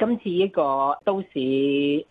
今次呢個都市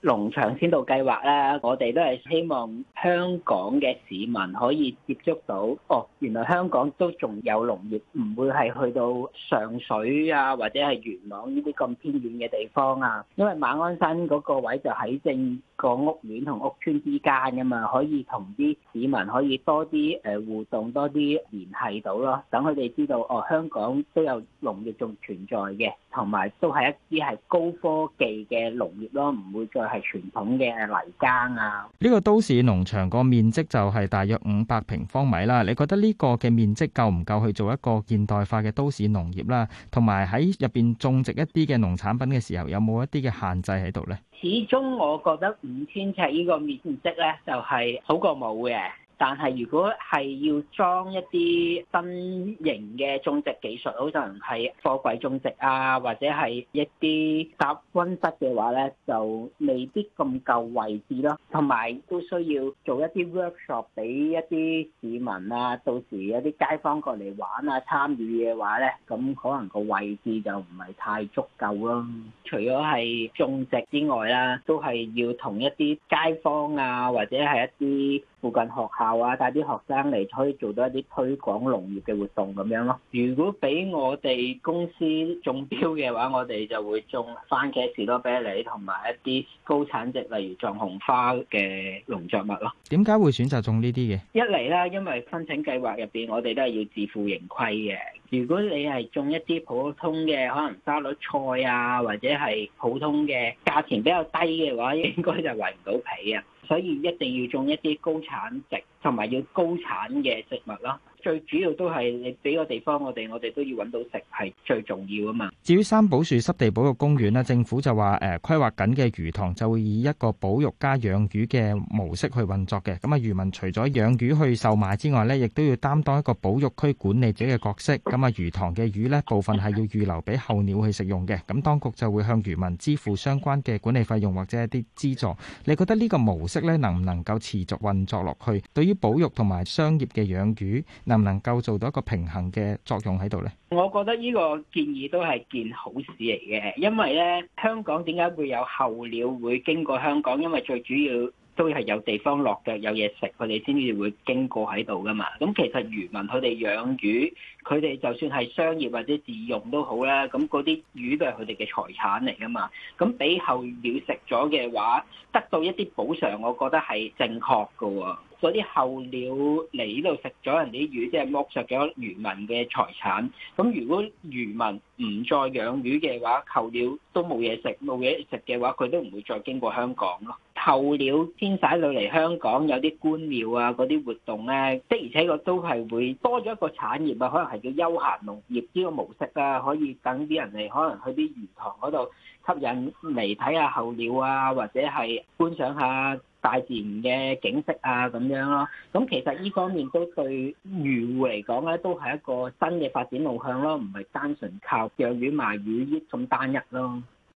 農場先導計劃啦，我哋都係希望香港嘅市民可以接觸到，哦，原來香港都仲有農業，唔會係去到上水啊，或者係元朗呢啲咁偏遠嘅地方啊，因為馬鞍山嗰個位就喺正個屋苑同屋村之間噶嘛，可以同啲市民可以多啲誒互動，多啲聯繫到咯。等佢哋知道哦，香港都有農業仲存在嘅，同埋都係一啲係高科技嘅農業咯，唔會再係傳統嘅泥耕啊。呢個都市農場個面積就係大約五百平方米啦。你覺得呢個嘅面積夠唔夠去做一個現代化嘅都市農業啦？同埋喺入邊種植一啲嘅農產品嘅時候，有冇一啲嘅限制喺度呢？始終我覺得五千尺呢個面積咧，就係好過冇嘅。但係，如果係要裝一啲新型嘅種植技術，好似係貨櫃種植啊，或者係一啲搭溫室嘅話咧，就未必咁夠位置咯。同埋都需要做一啲 workshop 俾一啲市民啊，到時一啲街坊過嚟玩啊參與嘅話咧，咁可能個位置就唔係太足夠咯。除咗係種植之外啦，都係要同一啲街坊啊，或者係一啲附近學校。啊！帶啲學生嚟可以做到一啲推廣農業嘅活動咁樣咯。如果俾我哋公司中標嘅話，我哋就會種番茄、士多啤梨同埋一啲高產值，例如藏紅花嘅農作物咯。點解會選擇種呢啲嘅？一嚟啦，因為申請計劃入邊，我哋都係要自負盈虧嘅。如果你係種一啲普通嘅，可能沙律菜啊，或者係普通嘅價錢比較低嘅話，應該就圍唔到皮啊。所以一定要種一啲高產值同埋要高產嘅植物咯。最主要都係你俾個地方我哋，我哋都要揾到食係最重要啊嘛。至於三寶樹濕地保育公園呢，政府就話誒規劃緊嘅魚塘就會以一個保育加養魚嘅模式去運作嘅。咁啊，漁民除咗養魚去售賣之外呢，亦都要擔當一個保育區管理者嘅角色。咁啊，魚塘嘅魚呢，部分係要預留俾候鳥去食用嘅。咁當局就會向漁民支付相關嘅管理費用或者一啲資助。你覺得呢個模式呢，能唔能夠持續運作落去？對於保育同埋商業嘅養魚？能唔能夠做到一個平衡嘅作用喺度咧？我覺得呢個建議都係件好事嚟嘅，因為咧香港點解會有候鳥會經過香港？因為最主要。都係有地方落腳、有嘢食，佢哋先至會經過喺度噶嘛。咁其實漁民佢哋養魚，佢哋就算係商業或者自用都好啦。咁嗰啲魚都係佢哋嘅財產嚟噶嘛。咁俾候鳥食咗嘅話，得到一啲補償，我覺得係正確噶喎。嗰啲候鳥嚟呢度食咗人哋啲魚，即係剝削咗漁民嘅財產。咁如果漁民唔再養魚嘅話，候鳥都冇嘢食，冇嘢食嘅話，佢都唔會再經過香港咯。候鳥遷徙到嚟香港，有啲觀鳥啊，嗰啲活動咧，的而且確都係會多咗一個產業啊，可能係叫休閒農業呢個模式啊，可以等啲人嚟，可能去啲魚塘嗰度吸引嚟睇下候鳥啊，或者係觀賞下大自然嘅景色啊，咁樣咯。咁其實呢方面都對漁戶嚟講咧，都係一個新嘅發展路向咯，唔係單純靠養魚賣魚呢種單一咯。